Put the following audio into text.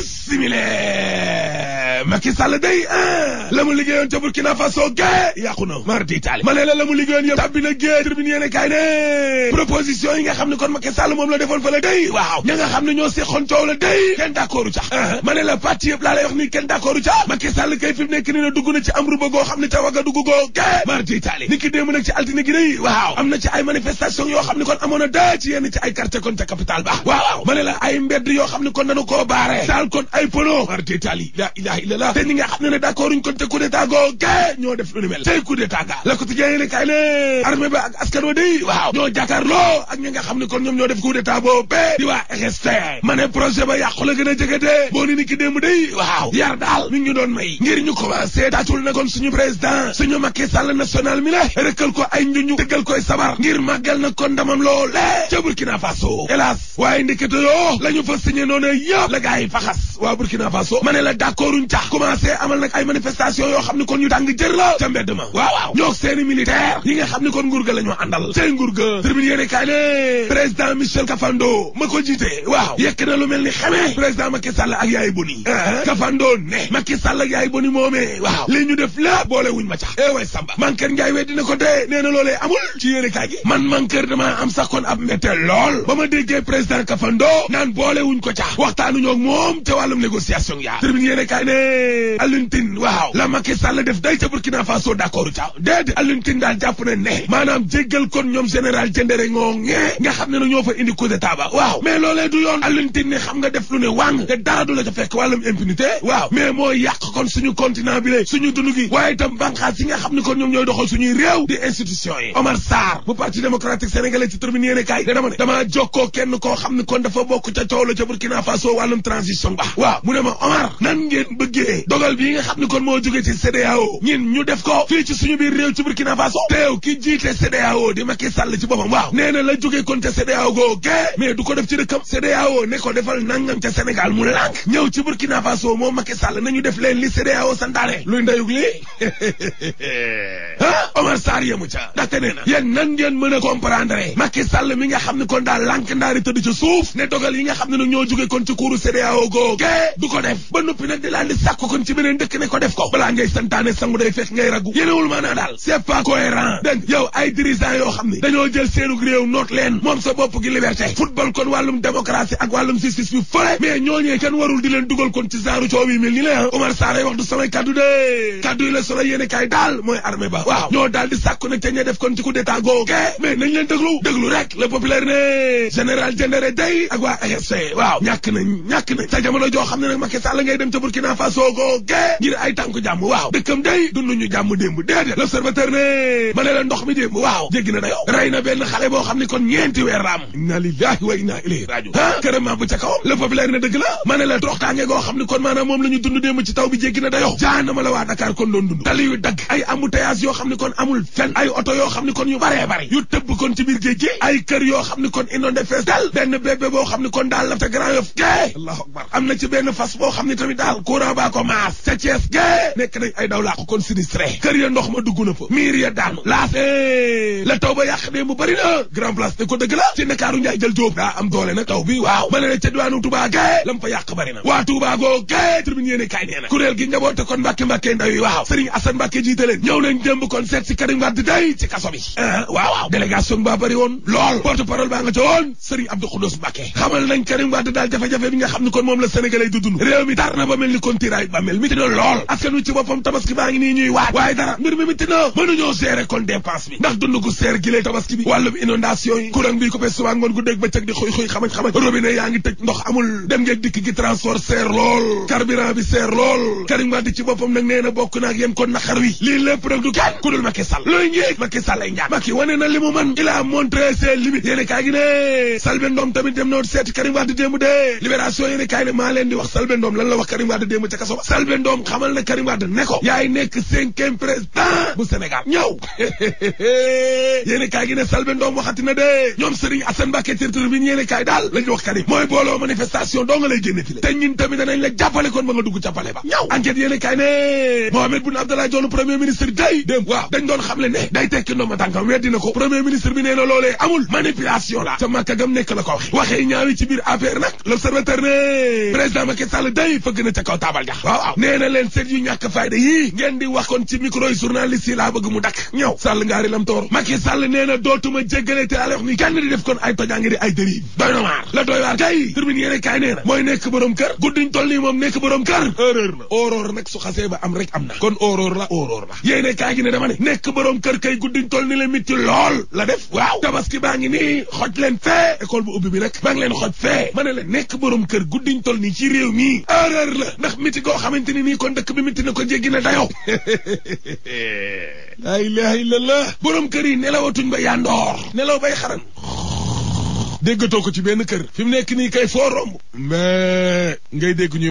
Similar. Macky Sall day a eh, la mu liggéeyoon ca Burkina Faso ga yàqu na mar di taali ma ne la la mu liggéeyoon yëpp tàbbi na gée tribune yéene kaay ne proposition yi nga xam ne kon Macky Sall moom la defoon fa la day ña nga xam ne ñoo seqoon coow la day kenn d'accordu ca uh-huh. ma ne la parti yëpp ni kenn d'accordu ca Macky Sall kay fi mu na dugg na ci am ruba goo xam ne ca wagga dugg goo ga mar di ni ki démb nag ci altine gi day waaw am na ci ay manifestation da ci yenn la te ñi nga xam ne ne d'accord uñ ca coup d'état googe ñoo def lu ni mel tey coup d'état ga la ko ti jeene ne kay ne armée ba ak askan wa day waaw ñoo ñi nga xam ne kon ñoom ñoo def coup d'état boobu di waa RST ma ne projet ba yàqu la gën a jege de boo ni ni ki démb day waaw yar daal mi ngi ñu doon may ngir ñu commencé tàccul na kon suñu président suñu Macky Sall national mi la rëkkal ko ay njuñu dëggal koy sabar ngir màggal na kon ndamam loolee ca Burkina Faso hélas waaye ndekete yoo la ñu fa commencé amal nak ay manifestation yo xamni kon ñu dang jeur la ca mbedd ma waaw ñok seen militaire yi nga xamni kon nguur ga la seen nguur ga tribune yéene ne président Michel Kafando mako jité waaw yek na lu melni xamé président Macky Sall ak yaay boni eh, Kafando ne Macky Sall ak yaay boni momé waaw li ñu def la bolé wuñ ma tax eh way Samba Mankeur Ndiaye weddi na ko dee néna lolé amul ci yéene kay gi man Mankeur dama am sax kon ab mbette lol bama déggé président Kafando nan bolé wuñ ko cax ñok mom ca walum négociation ya tribune yéene ne aluntine waaw la Macky Sall def day ca Burkina Faso d'accord ca déedéet aluntine daal jàpp na ne maanaam jéggal kon ñoom général Diendéré ngoo ŋee nga xam ne ñoo fa indi coup d'état ba waaw mais loolee du yoon aluntine ne xam nga def lu ne wàng te dara du la ca fekk wàllum impunité waaw mais moo yàq kon suñu continent bi la suñu dund gi waaye itam banqaas yi nga xam ne kon ñoom ñooy doxal suñuy réew di institution yi Omar Sarr bu parti démocratique jëlee dogal bii nga xam ni kon moo jóge ci CEDEAO ñin ñu def ko fii ci suñu biir réew ci Burkina Faso réew ki jiite CEDEAO di Macky Sall ci boppam waaw nee na la jóge kon ca CEDEAO googu mais du ko def ci dëkkam CEDEAO ne ko defal nangam ca senegal mu lànk ñëw ci Burkina Faso moom Macky Sall ñu def leen li CEDEAO santaane luy ndeyug lii ah Omar Sarr yamu ca ndaxte nee na yéen nan ngeen meuna comprendre Macky Sall mi nga xamni ne kon daal lànk ndaari tëdd ci souf ne dogal yi nga xamni ne ñoo joge kon ci CDAO go ke du ko def ba nopi nag di laan di sàkk kon ci benen dekk ne ko def ko balaa ngay santane sangu day fex ngay ragu yeneewul mana dal c'est pas cohérent deng yow ay dirigeant yo xamni dañoo jël seenu rew note len mom sa bop gi liberté football kon walum démocratie ak walum justice bi fële mais ñe kan warul di len duggal kon ci zaru mel ni ah. Omar Sarr ay wax du samay kaddu de kaddu la solo yene kay dal moy armée ba waaw moo daal di sàkk nag ca ña def kon ci coup d'état googe mais nañ leen déglu déglu rek le populaire ne général Diendéré day ak waa dem ca Burkina Faso googe ngir ay tànku jàmm waaw dëkkam day dund ñu jàmm démb ne ma ne la ndox mi démb waaw jéggi na dayoo rey na ne kon ñeenti ah, yoo xam ne kon amul fenn ay oto yoo xam ni kon yu bare bari yu tëbb kon ci biir géej gi ay kër yoo xam ni kon inondé fees dal benn bébé boo xam ni kon daal la ca Grand Yoff gee allahu na ci benn fas boo xam ni tamit daal ko maas ca Thiès gee nekk nañ ay daw laako kon sinistré kër ya ndox ma dugg na fa miir ya daanu laas eh la taw ba yàq dee bu bëri na grand place ne ko dëgg la ci njaay jël jóob daa am doole na taw bi waaw ma ne la ca diwaanu Touba gee lam fa yàq bëri na waa Touba goo gee tribune yéene kaay nee na kuréel kon Mbàkke Mbàkke ndaw yi waaw Serigne Assane si Karim Wade day ci kaso bi ah, waaw waaw délégation baa bëri woon lool porte parole baa nga ca woon Serigne Abdou xamal nañ Karim Wade daal jafe-jafe bi nga xam ne kon moom la sénégalais di dund réew mi tar na ba mel ni kon tiraay ba mel mi ti na lool askan wi ci boppam tabaski baa ngi nii ñuy waaj waaye dara mbir mi mitti na mënuñoo gérer kon dépense bi ndax dund seer gi tabaski bi wàllum inondation yi courant bi ko fee suba ngoon gu dégg bëccëg di Macky Sall looy njéeg Macky Sall lay njaag Macky wane na li mu mën il a montré ses limites yéen gi ne Salbe Ndom tamit dem noon seeti Karim Wade démb de libération yéen kaay ne maa leen di wax Salbe Ndom lan la wax Karim Wade démb ca kaso ba Salbe Ndom xamal na gi ne Salbe Ndom waxati na de ñoom Serigne Assane Mbacké territoire bi yéen kaay daal lañu wax Karim mooy booloo manifestation doo nga lay génne fi le te ñun tamit la jàppale kon ba nga dugg jàppale doon xamle ne day tekki ndomba tànkam weddi na ko premier ministre bi nee na loolee amul manipulation la ca màkka gam nekk la ko waxe waxee ñaawi ci biir affaire nag l'observateur ne président Macky Sall day fëgg na ca kaw taabal jax waaw waaw nee na leen seet yu ñàkk fayda yii ngeen di wax kon ci micro yi journaliste yi laa bëgg mu dakk ñëw Sall ngaari lam toor Macky Sall nee na dootuma jéggale te laa wax ni kenn di def kon ay tojaangi di ay dérive doy na waar la doy waar kay tribune yéene kaay na mooy la horreur su xasee ba am rek na kon horreur la nek borom kër kay guddiñ tol ni la mitti lol la def waw tabaski baa ngi nii xoj leen fe école bu ubbi bi rek ba ngi leen xoj fe mané ne la nekk borom kër guddiñ tol ni ci réew mi erreur la ndax mitti go xamanteni ni kon dëkk bi mitti na ko jéggi na dayo la ilaha illallah borom kër yi nelawatuñ ba yandor nelaw bay xaram déggatoo ko ci benn kër fi mu nekk nii kay foo romb mais ngay dégg ñu